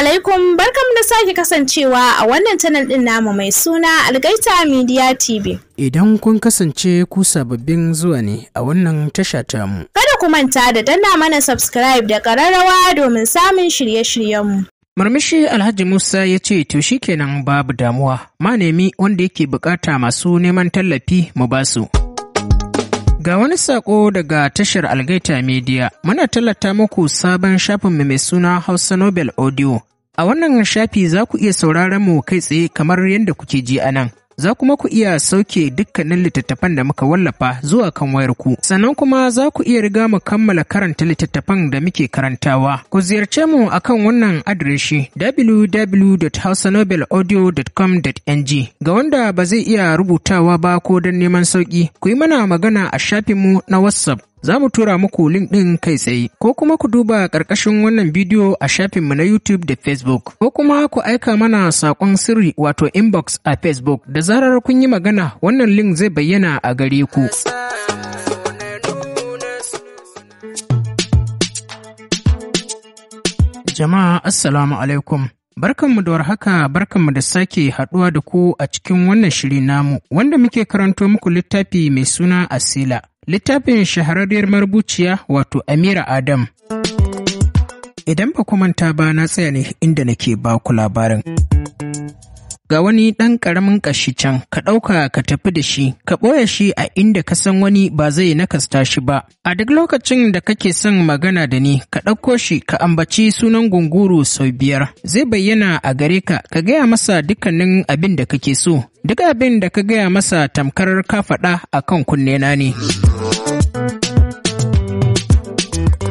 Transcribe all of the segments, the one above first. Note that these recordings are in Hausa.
alaikum barkam da sake kasancewa a wannan channel din namu mai suna Algaita Media TV. Idan kun kasance ku sababbin zuwa ne a wannan tasha mu. Kada ku manta da danna mana subscribe da kararrawa domin samun shirye shiryen mu Marmishi Alhaji Musa ya ce to shikenan babu damuwa, ma nemi wanda yake bukata masu neman tallafi mu basu. Ga wani sako daga tashar Algaita Media, muna tallata muku sabon shafin mai suna Hausa Nobel Audio. A wannan shafi za ku iya sauraron mu kai tsaye kamar yadda kuke ji a nan. za kuma ku iya sauke dukkanin littattafan da muka wallafa zuwa kan wayar ku. Sannan kuma za ku iya riga mu kammala karanta littattafan da muke karantawa. Ku ziyarce mu akan wannan adireshi www.hausanobelaudio.com.ng ga wanda ba zai iya rubutawa ba ko don neman sauki ku yi mana magana a shafinmu na WhatsApp za mu tura muku link ɗin kai tsaye ko kuma ku duba ƙarƙashin wannan bidiyo a shafinmu na YouTube da Facebook ko kuma ku aika mana saƙon sirri wato inbox a Facebook da zarar kun yi magana wannan link zai bayyana a gare ku. Jama'a Assalamu alaikum. Barkanmu da warhaka barkanmu da sake haɗuwa da ku a cikin wannan shiri namu wanda muke karanto muku littafi mai suna Asila littafin shahararriyar marubuciya wato amira adam idan ba manta ba na tsaya ne inda nake ba ku labarin ga wani ɗan ƙaramin ƙashi can ka ɗauka ka tafi da shi ka ɓoye shi a inda ka san wani ba zai nakasta shi ba a duk lokacin da kake son magana da ni ka ɗauko shi ka ambaci sunan gunguru sau biyar zai bayyana a gare ka ka gaya masa dukkanin abin da kake so duk abin da ka gaya masa tamkar ka faɗa a kan kunnena ne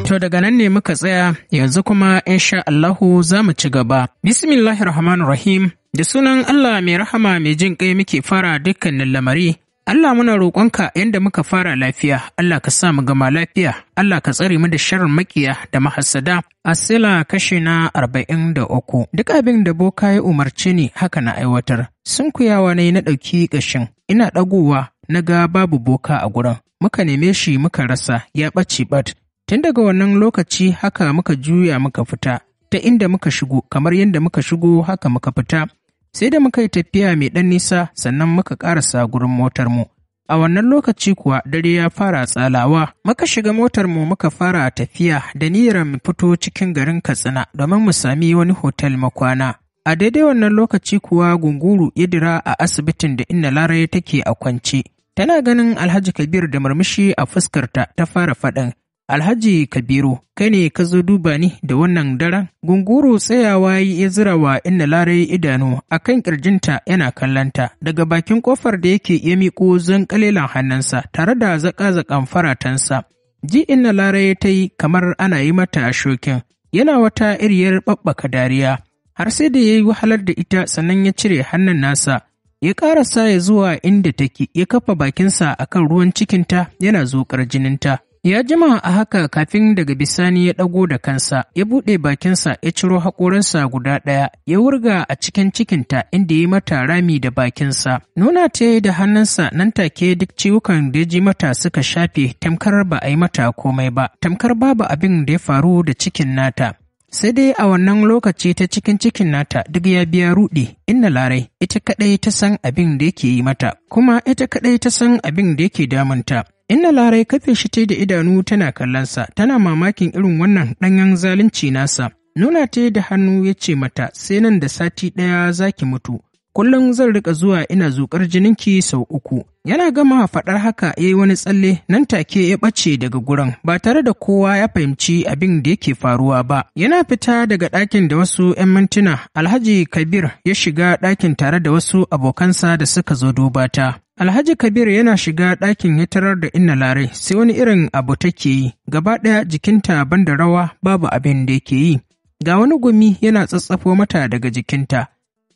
To daga nan ne muka tsaya yanzu kuma insha Allahu za mu ci gaba. Bismillahirrahmanirrahim Da sunan Allah mai rahama mai jin ƙai muke fara dukkanin lamari, Allah muna roƙonka yadda muka fara lafiya, Allah ka sa mu gama lafiya, Allah ka tsare mu da sharrin makiya da mahassada. Asila kashe na arba'in da uku. Duk abin da boka ya umarci ni haka na aiwatar. Sun kuyawa na na ɗauki ƙashin, ina ɗagowa na ga babu boka a gurin. Muka neme shi muka rasa ya ɓace ɓat. Tun daga wannan lokaci haka muka juya muka fita, ta inda muka shigo kamar yadda muka shigo haka muka fita. sai da muka yi tafiya mai ɗan nisa sannan muka ƙarasa gurin motar mu. A wannan lokaci kuwa dare ya fara tsalawa, muka shiga motar mu muka fara tafiya da niyyar mu fito cikin garin Katsina domin mu sami wani hotel makwana. A daidai wannan lokaci kuwa gunguru ya dira a asibitin da inna larai take a kwance. Tana ganin Alhaji Kabir da murmushi a fuskarta ta fara faɗin, Alhaji Kabiru, kai ne ka zo duba ni da wannan daren? Gunguru tsayawa ya zira wa inna larai idanu a kan ƙirjinta yana kallanta daga bakin ƙofar da yake ya miƙo zan ƙalilan hannunsa tare da zaƙa-zaƙan faratansa. Ji inna larai ta yi kamar ana yi mata a shokin, yana wata iriyar ɓaɓɓaka dariya. Har sai da ya yi wahalar da ita sannan ya cire hannun nasa. Ya ƙarasa ya zuwa inda take, ya kafa bakinsa akan ruwan cikinta yana zuƙar jininta. Ya jima a haka kafin daga bisani ya ɗago da kansa, ya buɗe bakinsa ya ciro haƙorinsa guda ɗaya, ya wurga a cikin cikinta inda ya mata rami da bakinsa. Nuna ta yi da hannunsa nan take duk ciwukan da ya ji mata suka shafe tamkar ba a yi mata komai ba, tamkar babu abin da ya faru da cikin nata. Sai dai a wannan lokaci ta cikin cikin nata duk ya biya ruɗe inna larai ita kaɗai ta san abin da yake yi mata kuma ita kaɗai ta san abin da yake damunta Inna larai kafe shi ta da idanu tana kallonsa, tana mamakin irin wannan ɗanyen zalunci nasa. Nuna ta da hannu ya ce mata, sai nan da sati ɗaya za ki mutu. Kullum zan rika zuwa ina zukar jinin ki sau uku. Yana gama faɗar haka ya yi wani tsalle nan take ya ɓace daga gurin ba tare da kowa ya fahimci abin da yake faruwa ba. Yana fita daga ɗakin da wasu 'yan mintuna, Alhaji Kabir ya shiga ɗakin tare da wasu abokansa da suka zo duba ta. Alhaji Kabir yana shiga ɗakin ya tarar da inna larai sai wani irin abu take yi, gaba ɗaya jikinta banda rawa babu abin da yake yi. Ga wani gumi yana tsatsafo mata daga jikinta,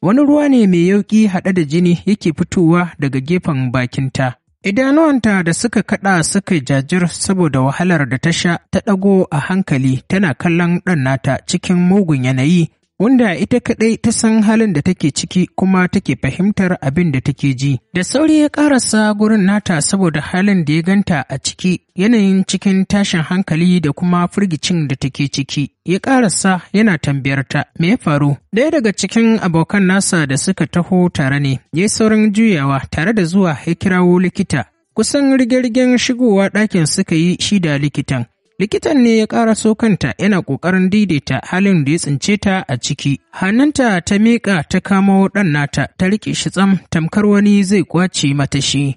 wani ruwa ne mai yauƙi haɗe da jini yake fitowa daga gefen bakinta. Idanuwanta da suka kaɗa suka jajir saboda wahalar da ta sha ta ɗago a hankali tana kallon ɗan nata cikin mugun yanayi wanda ita kaɗai ta san halin da take ciki kuma take fahimtar abin da take ji. Da sauri ya ƙarasa gurin nata saboda halin da ya ganta a ciki yanayin cikin tashin hankali da kuma firgicin da take ciki. Ya ƙarasa yana tambayar ta me ya faru? Daya daga cikin abokan nasa da suka taho tare ne, ya saurin juyawa tare da zuwa ya kirawo likita. Kusan rige-rigen shigowa ɗakin suka yi shi da likitan. Likitan ne ya ƙara so kanta yana ƙoƙarin daidaita halin da ya tsince ta a ciki. Hannunta ta miƙa ta kamo ɗan nata ta riƙe shi tsam tamkar wani zai ƙwace mata shi.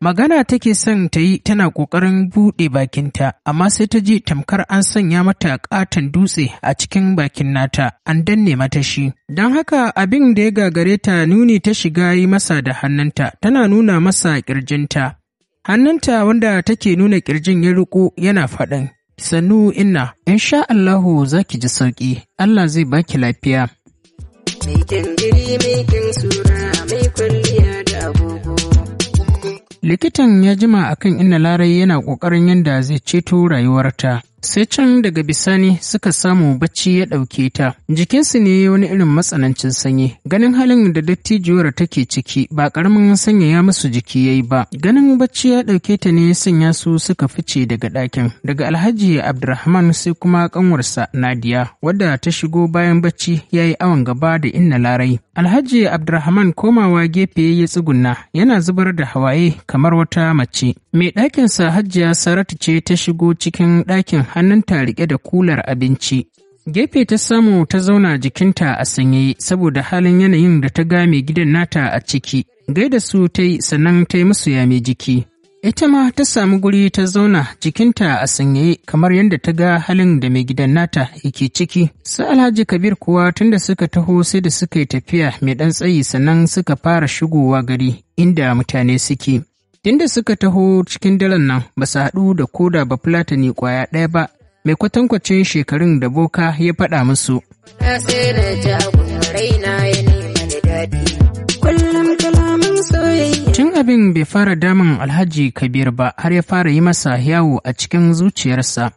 Magana take son ta yi tana ƙoƙarin buɗe bakinta, amma sai ta ji tamkar an sanya mata ƙaton dutse a cikin bakin nata, an danne mata shi. Don haka abin da ya gagare ta nuni ta shiga yi masa da hannunta, tana nuna masa ƙirjinta. Hannunta wanda take nuna kirjin ya riko yana faɗin, Sannu inna, in Allahu za ki ji sauƙi, Allah zai baki lafiya. Likitan ya jima akan inna larai yana ƙoƙarin yadda zai ceto rayuwarta. sai can daga bisani suka samu bacci ya ɗauke ta jikinsu ne wani irin matsanancin sanyi ganin halin da dattijuwar take ciki ba ƙaramin sanya ya musu jiki ya yi ba ganin bacci ya ɗauke ta ne sanya su suka fice daga ɗakin daga alhaji abdurrahman sai kuma ƙanwarsa nadiya wadda ta shigo bayan bacci ya yi awon gaba da inna larai alhaji abdurrahman komawa gefe ya tsugunna yana zubar da hawaye kamar wata mace mai ɗakinsa hajjiya saratu ce ta shigo cikin ɗakin hannunta riƙe da kular abinci gefe ta samu ta zauna jikinta a sanye saboda halin yanayin da ta game gidan nata a ciki gaida su ta yi sannan ta yi musu yame jiki ita ma ta samu guri ta zauna jikinta a sanyaye kamar yadda ta ga halin da mai gidan nata yake ciki su alhaji kabir kuwa tunda suka taho sai da suka yi tafiya mai ɗan tsayi sannan suka fara shigowa gari inda mutane suke Tunda suka taho cikin daren nan ba su haɗu da koda ba Fulatani ƙwaya ɗaya ba, mai kwatankwacin shekarun da boka ya faɗa musu. Na Tun abin bai fara damun Alhaji Kabir ba har ya fara yi masa yawo a cikin zuciyarsa.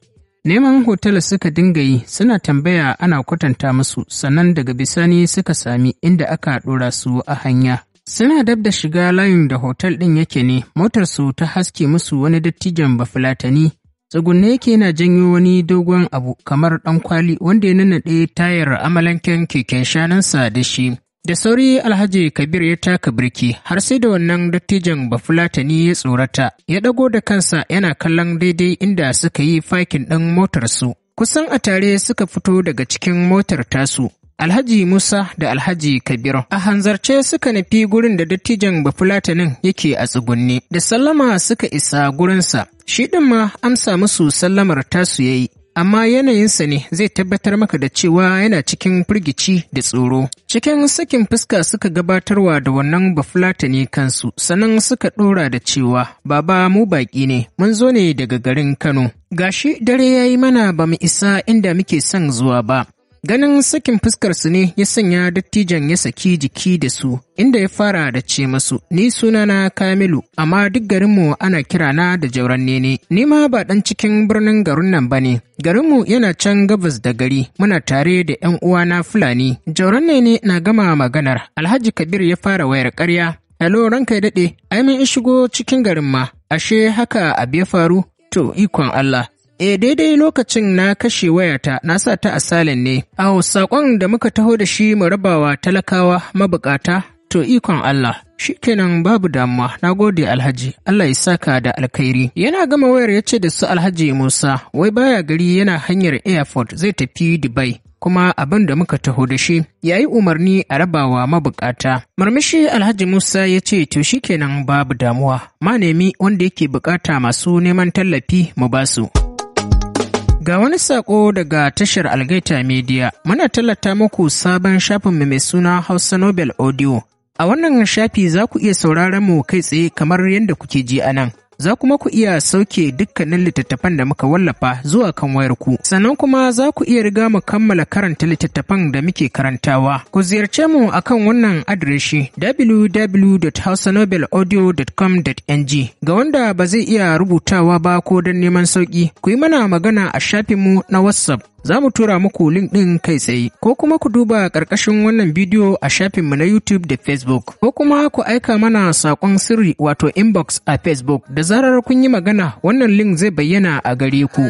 Neman hotel suka dinga yi suna tambaya ana kwatanta musu sannan daga bisani suka sami inda aka ɗora su a hanya. Suna dab da shiga layin da hotel ɗin yake ne, motarsu ta haske musu wani dattijan bafulatani. Tsugunne yake yana janyo wani dogon abu kamar ɗan kwali wanda ya nanaɗe tayar amalanken keken shanunsa da shi. Da sauri Alhaji Kabir ya taka birki har sai da wannan dattijan bafulatani ya tsorata, ya ɗago da kansa yana kallon daidai inda suka yi fakin ɗin motarsu. Kusan a tare suka fito daga cikin motar tasu, Alhaji Musa da Alhaji Kabiru. A hanzarce suka nufi gurin da dattijan Bafulatanin yake a tsugunni. da sallama suka isa gurinsa, shi ɗin ma amsa musu sallamar tasu yayi. amma yanayinsa ne zai tabbatar maka da cewa yana cikin firgici da tsoro. Cikin sakin fuska suka gabatarwa da wannan bafulatani kansu, sannan suka ɗora da cewa, Baba mu baƙi ne, mun zo ne daga garin Kano. Gashi dare ya yi mana ba mu isa inda muke son zuwa ba, Ganin sakin fuskarsu ne ya sanya dattijan ya saki jiki da su, inda ya fara da ce masu, Ni sunana Kamilu, amma duk garinmu ana kirana da jauran nene, ni ma ba ɗan cikin birnin garin nan ba ne. Garinmu yana can gabas da gari, muna tare da ‘yan uwana Fulani. Jauran ne na gama maganar, Alhaji Kabir ya fara wayar ƙarya. Hello, ranka ya daɗe, ai mun shigo cikin garin ma, ashe haka abu ya faru, to ikon Allah. E daidai lokacin na kashe wayata na sa ta a salin ne, A saƙon da muka taho da shi mu rabawa talakawa mabukata to ikon Allah. Shikenan babu damuwa, na gode Alhaji, Allah ya saka da alkhairi. Yana gama wayar ya ce da su Alhaji Musa, wai baya gari yana hanyar airport zai tafi Dubai. kuma abin da muka taho da shi ya yi umarni a rabawa mabukata. Marmishi Alhaji Musa ya ce to shikenan babu damuwa, ma nemi wanda yake bukata masu neman tallafi mu basu. Ga wani sako daga tashar Algaita Media, muna tallata muku sabon shafin mai suna Hausa Nobel Audio. A wannan shafi za ku iya sauraron mu kai tsaye kamar yadda kuke ji a nan. za kuma ku iya sauke dukkanin littattafan da muka wallafa zuwa kan wayar ku sannan kuma za ku iya riga mu kammala karanta littattafan da muke karantawa ku ziyarce mu akan wannan adireshi www.hausanobelaudio.com.ng ga wanda ba zai iya rubutawa ba ko don neman sauki ku yi mana magana a shafinmu na whatsapp za mu tura muku link ɗin kai tsaye ko kuma ku duba ƙarƙashin wannan bidiyo a shafinmu na youtube da facebook ko kuma ku aika mana saƙon sirri wato inbox a facebook da zarar kun yi magana wannan link zai bayyana a gare ku.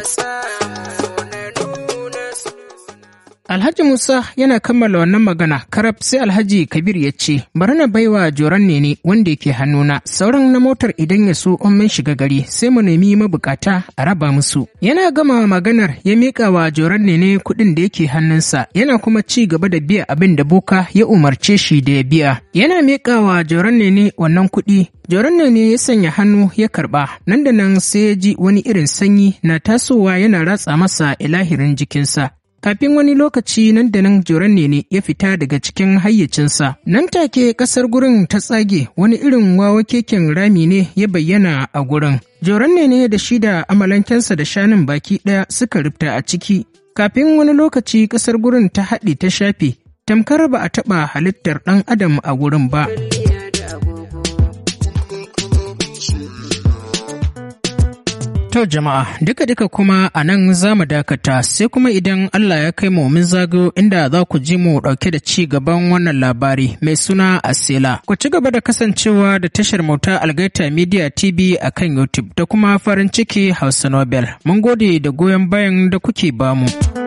Alhaji Musa yana kammala wannan magana karab sai Alhaji Kabir ya ce bari na baiwa joran ne wanda yake hannuna sauran na motar idan ya so in mun shiga gari sai mu nemi mabukata a raba musu. Yana gama maganar ya miƙa wa joran ne kuɗin da yake hannunsa yana kuma ci gaba da biya abin da boka ya umarce shi da ya biya. Yana miƙa wa joran ne wannan kuɗi Joran ne ya sanya hannu ya karɓa, nan da nan sai ya ji wani irin sanyi na tasowa yana ratsa masa ilahirin jikinsa Kafin wani lokaci nan da nan joran ne ya fita daga cikin hayyacinsa. Nan take ƙasar gurin ta tsage wani irin wawa keken rami ne ya bayyana a gurin. Joran ne da shi da amalankensa da shanun baki ɗaya suka rubuta a ciki. Kafin wani lokaci ƙasar gurin ta haɗe ta shafe, tamkar ba a taɓa halittar ɗan adam a gurin ba. To jama'a duka-duka kuma a nan za mu dakata sai kuma idan Allah ya kai mu mun zagayo inda za ku ji mu ɗauke da ci gaban wannan labari mai suna Asela. Ku ci gaba da kasancewa da tashar mota Algaita Media TV a kan YouTube da kuma farin ciki Hausa Nobel. Mun gode da goyon bayan da kuke bamu.